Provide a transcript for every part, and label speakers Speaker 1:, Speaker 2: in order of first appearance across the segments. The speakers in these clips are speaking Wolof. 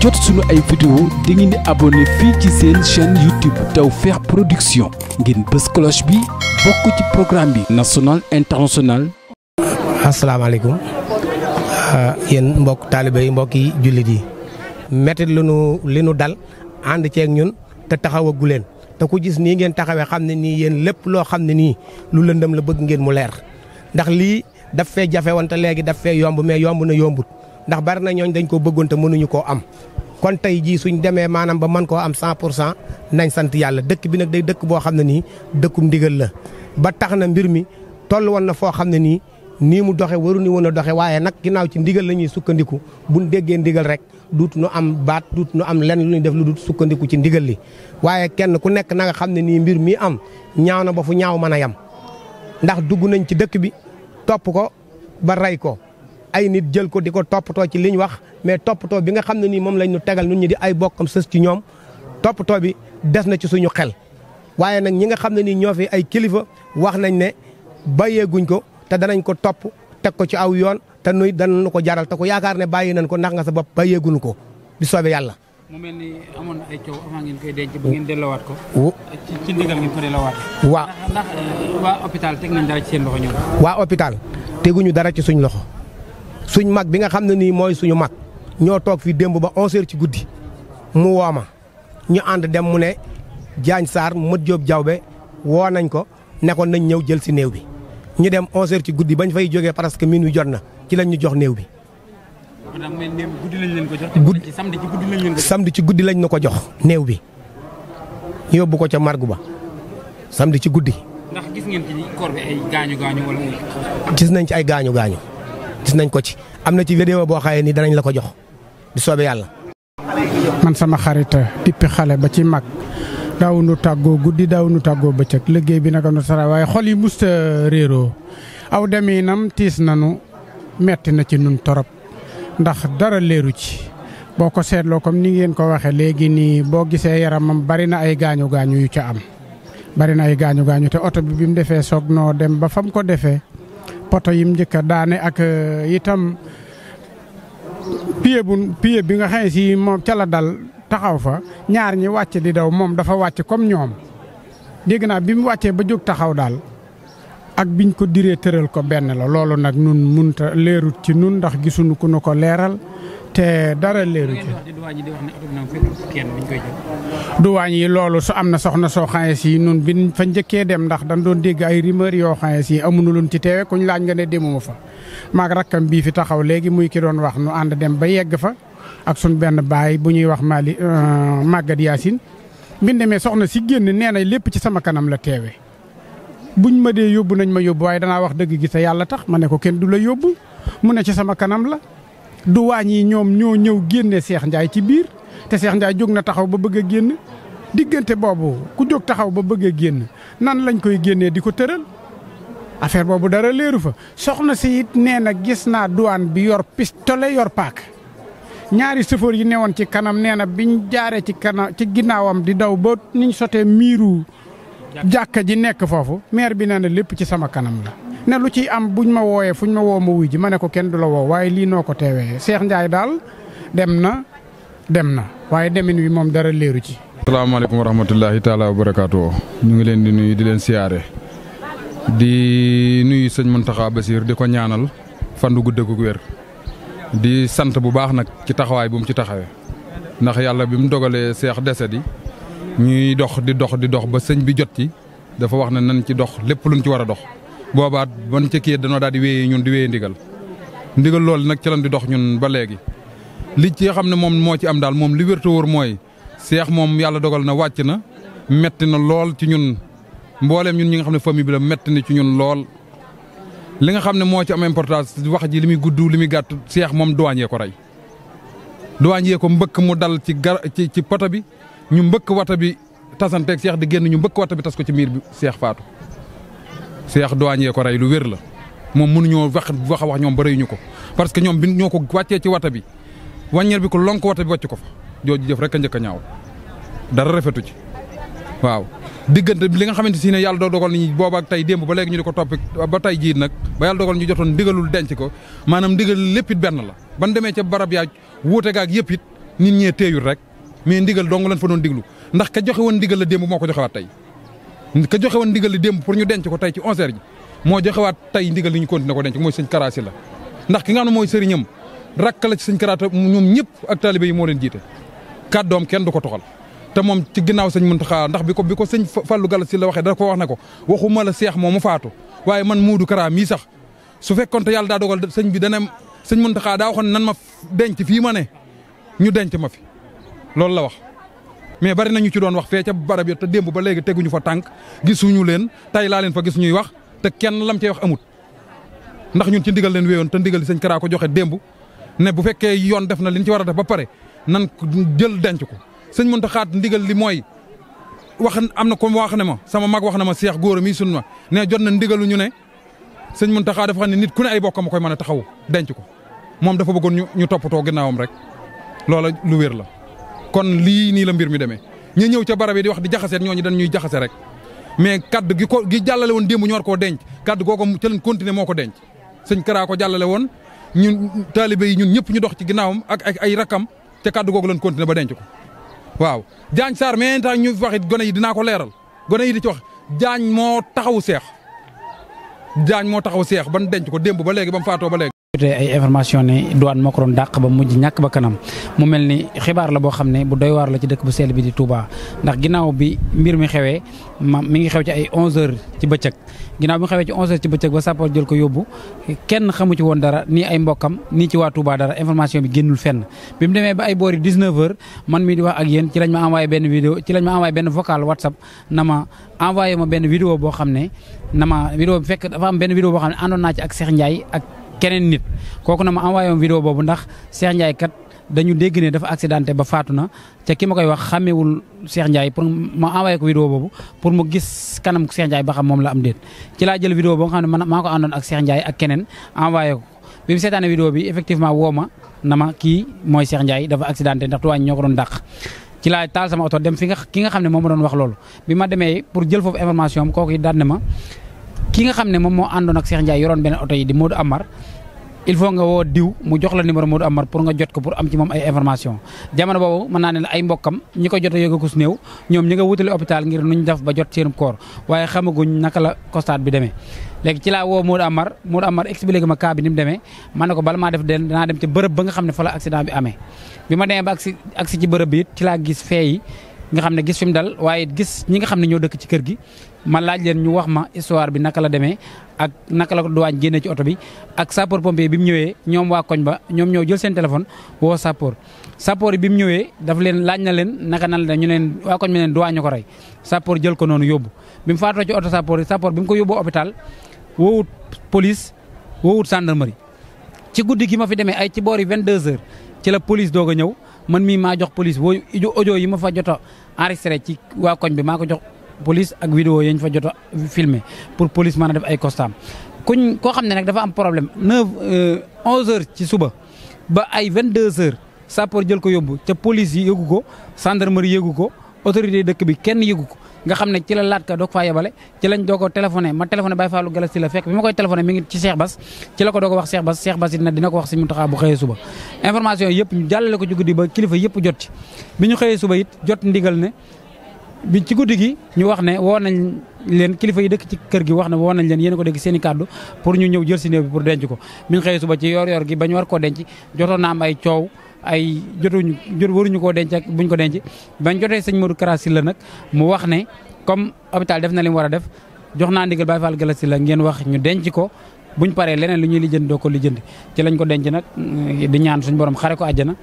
Speaker 1: jot suñu ay vidéo da ngeen di abonné fii ci seen chaîne YouTube Tawfekh Production ngeen bës cloche bi bokk ci programme bi national international
Speaker 2: asalaamaaleykum euh,
Speaker 3: yéen mbokk taalibe yi mbokk yi jullit yi métti lu nu li nu dal ànd ceeg ñun te taxawagu leen te ku gis nii ngeen taxawee xam ne nii yéen lépp loo xam ne nii lu lëndëm la bëgg ngeen mu leer ndax lii daf fee jafe woon te léegi daf fee yomb mais yomb na yombut ndax bari na ñooñ dañ ko bëggoon te mënuñu koo am kon tey jii suñ demee maanaam ba mën koo am 100 pour cent nañ sant yàlla dëkk bi nag day dëkk boo xam ne nii dëkkum ndigal la ba tax na mbir mi toll woon na foo xam ne nii nii mu doxe waru ni woon a doxe waaye nag ginnaaw ci ndigal la ñuy sukkandiku bu déggee ndigal rek duut nu am baat duut nu am lenn lu def lu dut sukkandiku ci ndigal li waaye kenn ku nekk na nga xam ne nii mbir mii am ñaaw na ba fu ñaaw mën a yem ndax dugg nañ ci dëkk bi topp ko ba rey ko ay nit jël ko di ko toppatoo ci li ñu wax mais toppatoo bi nga xam ne nii moom lañ ñu tegal nun ñi di ay bokkam sës ci ñoom toppatoo bi des na ci suñu xel waaye nag ñi nga xam ne nii ñoo fi ay kilifa wax nañ ne bàyyeeguñ ko te danañ ko topp teg ko ci aw yoon te nuy danañ ko jaral te ko yaakaar ne bàyyi nañ ko ndax nga sa bopp bàyyeeguñ ko di soobee yàlla.
Speaker 2: mu mel ni amoon na ay coow ko. ci ci ndigal ngeen ko eh, waa hôpital ci seen loxo ñoom.
Speaker 3: waa hôpital teguñu dara ci suñu loxo. suñ mag bi nga xam ne nii mooy suñu mag ñoo toog fii démb ba 11h ci guddi mu woo ma ñu ànd dem mu ne Diagne Sarr Modou Diop Diawbe woo nañ ko nekkoon nañ ñëw jël si néew bi ñu dem 11 ci guddi bañ fay jógee parce que minuit jot na ci lañ ñu jox néew bi.
Speaker 2: guddi lañ
Speaker 3: ci guddi lañ leen ko jox samedi ci ñu néew bi yóbbu ko ca margu ba samedi ci guddi. gis ngeen gis nañ ci ay gaañu gaañu. gis nañ ko ci am na ci vidéo boo xaye ni danañ la ko jox di soobee yàlla.
Speaker 4: man sama xarit dippi xale ba ci mag daawuñu tàggoo guddi daawuñu tàggoo bëccëg liggéey bi naka nu sara waaye xol yi musta réeroo aw demiinam tiis nanu metti na ci nun torop ndax dara leeru ci. boo ko seetloo comme ni ngeen ko waxee léegi nii boo gisee yaramam bari na ay gaañu gaañu yu ca am bari na ay gaañu gaañu te oto bi bi mu defee soog noo dem ba fa mu ko defee poto yim njëkk a daane ak eh, itam pied bu pied bi nga xam ne moom cala la dal taxaw fa ñaar ñi wàcc di daw moom dafa wàcce comme ñoom dégg naa bi mu wàccee ba jóg taxaw daal ak biñ ko diree tëral ko benn la loolu nag nun munta leerut ci nun ndax gisuñu ku ko leeral te dara leeru
Speaker 2: ci
Speaker 4: duwaañ yi loolu su am na soxna soo xaye si nun bi fa njëkkee dem ndax dañ doon dégg ay rumeur yoo xaye si amuñu luñ ci teewe kuñ laaj nga ne demuma fa maag rakkam bii fi taxaw léegi muy ki doon wax nu ànd dem ba yegg fa ak suñ benn baay bu ñuy wax Mali euh, Maguette yaasin bi demee soxna si génn nee na lépp ci sama kanam la teewe buñ ma dee yóbbu nañ ma yóbbu waaye danaa wax dëgg gi te yàlla tax ma ne ko kenn du la yóbbu mu ne ci sama kanam la duwaañ yi ñoom ñoo ñëw génne Cheikh Ndiaye ci biir te Cheikh Ndiaye jóg na taxaw ba bëgg génn diggante boobu ku jóg taxaw ba bëgg a génn nan lañ koy génnee di ko tëral affaire boobu dara léeru fa soxna si nee na gis naa duwaan bi yor pistolet yor paak ñaari sëfoor yi newoon ci kanam nee na biñ jaaree ci kanam ci ginnaawam di daw ba niñ sotee miiru jàkka ji nekk foofu maire bi nee na lépp ci sama kanam la ne lu ciy am buñ ma wooyee fuñ ma woo ma wuy ji ma ne ko kenn du la woo waaye lii noo ko teewee Cheikh Ndiaye daal dem na dem na waaye demin wi moom dara leeru ci.
Speaker 1: asalaamaaleykum wa rahmatullahi taala wa barakaatu ñu ngi leen di nuy di leen siyaare di nuyu sëñ Mountakha Bassir di ko ñaanal fan gu gudd gu wér di sant bu baax nag ci taxawaay bu mu ci taxawe ndax yàlla bi mu dogalee seex deset yi ñuy dox di dox di dox ba sëñ bi jot ci dafa wax na nan ci dox lépp luñ ci war a dox. boobaat ban ca danoo daal di wéyee ñun di wéyee ndigal ndigal loolu nag ci lan di dox ñun ba léegi. li ci xam ne moom moo ci am daal moom li wér te wóor mooy seex moom yàlla dogal na wàcc na metti na lool ci ñun mbooleem ñun ñi nga xam ne famille bi la metti na ci ñun lool. li nga xam ne moo ci am importance wax ji li muy gudd li muy gàtt seex moom duwaañee ko rey duwaañee ko mbëkk mu dal ci gar ci ci poto bi ñu mbëkk wata bi tasanteeg seex di génn ñu mbëkk bi tas ko ci miir bi seex Cheikh Douanier ko rey lu wér la moom mënuñoo wax wax a wax ñoom ba reyuñu ko parce que ñoom bi ñoo ko wàccee ci wata bi wàññeer bi ko lonk wata bi wàcc ko fa jooju jëf rek a njëkk a ñaaw dara rafetu ci waaw diggante li nga xamante si ne yàlla doo dogal nañu booba ak tey démb ba léegi ñu di ko toppi ba tey jii nag ba yàlla dogal ñu jotoon digalul denc ko maanaam digal lépp it benn la ban demee ca barab yaa wuute gaag yëpp it nit ñee téeyul rek mais ndigal dong lañ fa doon diglu ndax joxe woon ndigal la démb moo ko joxewaat tey ka joxe woon ndigal li démb pour ñu denc ko tey ci onze heures ji moo joxewaat tey ndigal li ñu continué ko denc mooy sëñ Kara Sylla ndax ki nga moy ne mooy sëriñam rakk la ci sëñ Kara ñoom ñëpp ak taalibe yi moo leen jiite kàddoom kenn du ko toxal te moom ci ginnaaw sëñ Muntaxa ndax bi ko bi ko sëñ Fallou Galass Sylla waxee da ko wax ne ko waxuma la seex moo mu faatu waaye man Muudu Kara mii sax su fekkoon te yàlla daa dogal sëñ bi dana sëñ xaa daa waxoon nan ma denc fii ma ne ñu denc ma fi loolu la wax mais bari nañu ci doon wax fee ca barab yo te démb ba léegi teguñu fa tànk gisuñu leen tay laa leen fa gis ñuy wax te kenn lam cey wax amut ndax ñun ci ndigal leen wéyoon te ndigal li sëñ Kara ko joxe démb ne bu fekkee yoon def na li ñu ci war a def ba pare nan jël denc ko sëñ mënta xaat ndigal li mooy wax am na ko wax ne ma sama mag wax na ma seex góor mi sun ma ne jot na ndigalu ñu ne sëñ mënta xaat dafa xam ne nit ku ne ay bokkam koy mën a taxaw denc ko moom dafa bëggoon ñu toppatoo ginnaawam rek loola lu wér la kon lii nii la mbir mi demee ñu ñëw ca barab yi di wax di jaxase ñooñu dañ ñuy jaxase rek mais kaddu gi ko gi jàllale woon démb ñor koo denc koo ko ca leen continuer moo ko denc sëñ Kara ko jàllale woon ñun taalibe yi ñun ñëpp ñu dox ci ginnaawam ak ay rakam te kaddu googu leen continuer ba denc ko waaw Diagne Sarr mais temps ñu wax it gone yi dinaa ko leeral gone yi di ci wax Diagne moo taxawu seex Diagne moo taxawu seex ban denc ko démb ba léegi ba mu faatoo ba léegi
Speaker 2: jotee ay information ne douane moo dàq ba mujj ñàkk ba kanam mu mel ni xibaar la boo xam ne bu doy waar la ci dëkk bu sell bi di Touba ndax ginnaaw bi mbir mi xewee ma mi ngi xew ci ay 11 ci bëccëg ginnaaw bi mu xewee ci 11 ci bëccëg ba sappo jël ko yóbbu kenn xamu ci woon dara nii ay mbokkam nii ci waa Touba dara information bi génnul fenn bi mu demee ba ay boori 19 man mii di wax ak yéen ci lañ ma envoyé benn vocal WhatsApp keneen nit kooku na ma envoyé woon boobu ndax Cheikh Ndiaye kat dañu dégg ne dafa accidenté ba faatu na te ki ma koy wax xàmmewul Cheikh Ndiaye pour ma envoyé ko vidéo boobu pour mu gis kanam Cheikh Ndiaye ba xam moom la am déet ci laa jël vidéo boo nga ne man maa ko àndoon ak Cheikh ak keneen envoyé ko bi mu bi effectivement woo ma na ma kii mooy Cheikh Ndiaye dafa accidenté ndax tuwaañ ñoo ko doon dàq ci laa taal sama oto dem fi nga ki nga xam ne moom ma doon wax loolu bi ma demee pour jël foofu information am kooku it daan na ma kii nga xam ne moom moo àndoon ak Cheikh Ndiaye yoroon benn oto yi di Modou Amar il faut nga woo diw mu jox la numéro Modou Amar pour nga jot ko pour am ci moom ay information jamono boobu mën naa ne la ay mbokkam ñi ko jot a yëg akus néew ñoom ñi nga wutale hôpital ngir nuñ def ba jot seenub koor waaye xamaguñ naka la constat bi demee léegi ci laa woo Modou Amar Modou Amar expliqué ma cas bi ni mu demee man ne ko bala maa def den danaa dem ci bërëb ba nga xam ne fa la accident amee bi ma demee ba agsi agsi ci bërëb bi it ci laa gis fee nga xam ne gis fi mu dal waaye gis ñi nga xam ne ñoo dëkk ci kër gi ma laaj leen ñu wax ma histoire bi naka la demee ak naka la ko duwaañ génne ci oto bi ak sapeur pompier bi mu ñëwee ñoom waa koñ ba ñoom ñoo jël seen téléphone woo sapeur sapeur bi mu ñëwee daf leen laaj na leen naka nan la ñu leen waa koñ bi leen duwaañu ko rey sapeur jël ko noonu yóbbu bi mu faatoo ci oto sapeur sapeur bi mu ko yóbbu hôpital woowut police woowut gendarmerie ci guddi gi ma fi demee ay ci boori 22h ci la police doog a ñëw man mii maa jox police woo audio yi ma fa jot a ci waa koñ bi maa ko jox police ak vidéo yañ fa jot a filmé pour police mën a def ay constat kuñ koo xam ne nag dafa am problème neuf euh, onze heures ci suba ba ay vingt deux heures sapeur jël ko yóbbu te police yi yëgu ko gendarmerie yëgu ko autorité dëkk bi kenn yëgu ko nga xam ne ci la laat ka doog faa yebale ci lañ doo ko téléphoné ma téléphoné Baye Fallou Galassi la fekk bi ma koy téléphoné mi ngi ci Cheikh Bass ci la ko doog a wax Cheikh Bass Cheikh Bass it na dina ko wax si Mountakha bu biñ ci guddi gi ñu wax ne woo nañ leen kilifa yi dëkk ci kër gi wax ne woo nañ leen yéen ko dégg seen i kàddu pour ñu ñëw jël si néew bi pour denc ko. min xëy suba ci yoor yor gi ba ñu war koo denc jotoon na am ay coow ay jotuñu jot waruñu koo denc ak buñ ko denc bañ jotee sëñ Modou Kara Sylla nag mu wax ne comme hôpital def na li mu war a def jox naa ndigal Baye Fall Gala Sylla ngeen wax ñu denc ko. buñ paree leneen li ñuy lijjanti doo ko lijjanti ci lañ ko denc nag di ñaan suñu borom xare ko àjjana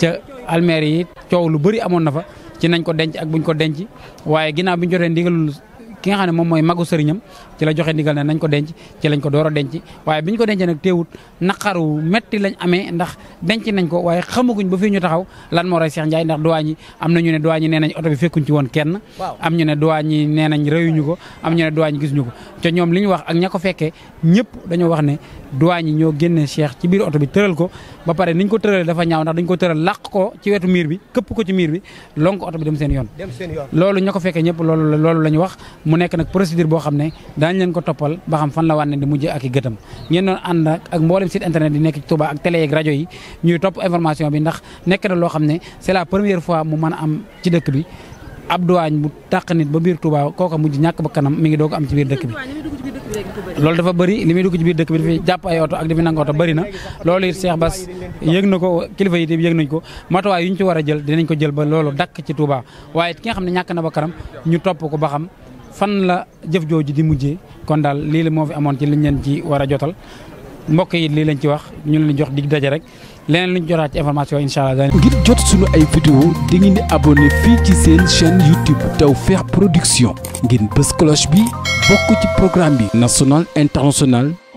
Speaker 2: ca almeer yi coow lu bëri amoon na fa ci nañ ko denc ak buñ ko denc waaye ginnaaw bi ñu jotee ndigalul ki nga xam ne moom mooy magu sëriñam ci la joxe ndigal ne nañ ko denc ci lañ ko door a denc waaye biñ ko dencee nag teewut naqaru metti lañ amee ndax denc nañ ko waaye xamaguñ ba fii ñu taxaw lan moo rey Cheikh Ndiaye ndax duwaa ñi am na ñu ne duwaa ñi nee nañ oto bi fekkuñ ci woon kenn am ñu ne duwaa ñi nee nañ reyuñu ko am ñu ne duwaa ñi gisuñu ko te ñoom li ñu wax ak ña ko fekkee ñëpp dañoo wax ne duwaa ñi ñoo génne Cheikh ci biir oto bi tëral ko ba pare niñ ko tëralee dafa ñaaw ndax dañ ko tëral làq ko ci wetu miir bi këpp ko ci miir bi lonk oto bi dem seen yoon loolu ña ko fekkee ñëpp loolu loolu lañu wax mu nekk nag procédure boo xam ne daañu leen ko toppal ba xam fan la wan ne di mujj ak i gëtam ngeen doon ànd ak mboolem site internet di nekk ci Touba ak télé yeeg rajo yi ñuy topp information bi ndax nekk na loo xam ne c'est la première fois mu mën a am ci dëkk bi ab duwaañ bu tàq nit ba biir Touba kooka mujj ñàkk ba kanam mi ngi doog am ci biir dëkk bi loolu dafa bëri li muy dugg ci biir dëkk bi dafay jàpp ay oto ak dafi nangu oto bëri na loolu it Cheikh Bass na ko kilifa yi yëg nañ ko matuwaay yu ñu ci war a jël dinañ ko jël ba loolu dakk ci Touba waaye ki nga ne ñàkk na ba kanam ñu topp ko ba xam fan la jëf jooju di mujjee kon daal lii la moo fi amoon ci liñ leen ci war a jotal mbokk yi lii lañ ci wax ñu leen jox dig daje rek leneen luñ jotaat ci information incha allah.
Speaker 1: ngir jot suñu ay vidéo di ngeen di abonné fii ci seen chaîne YouTube Tawfekh Production ngeen bës cloche bi bokk ci programme bi national international.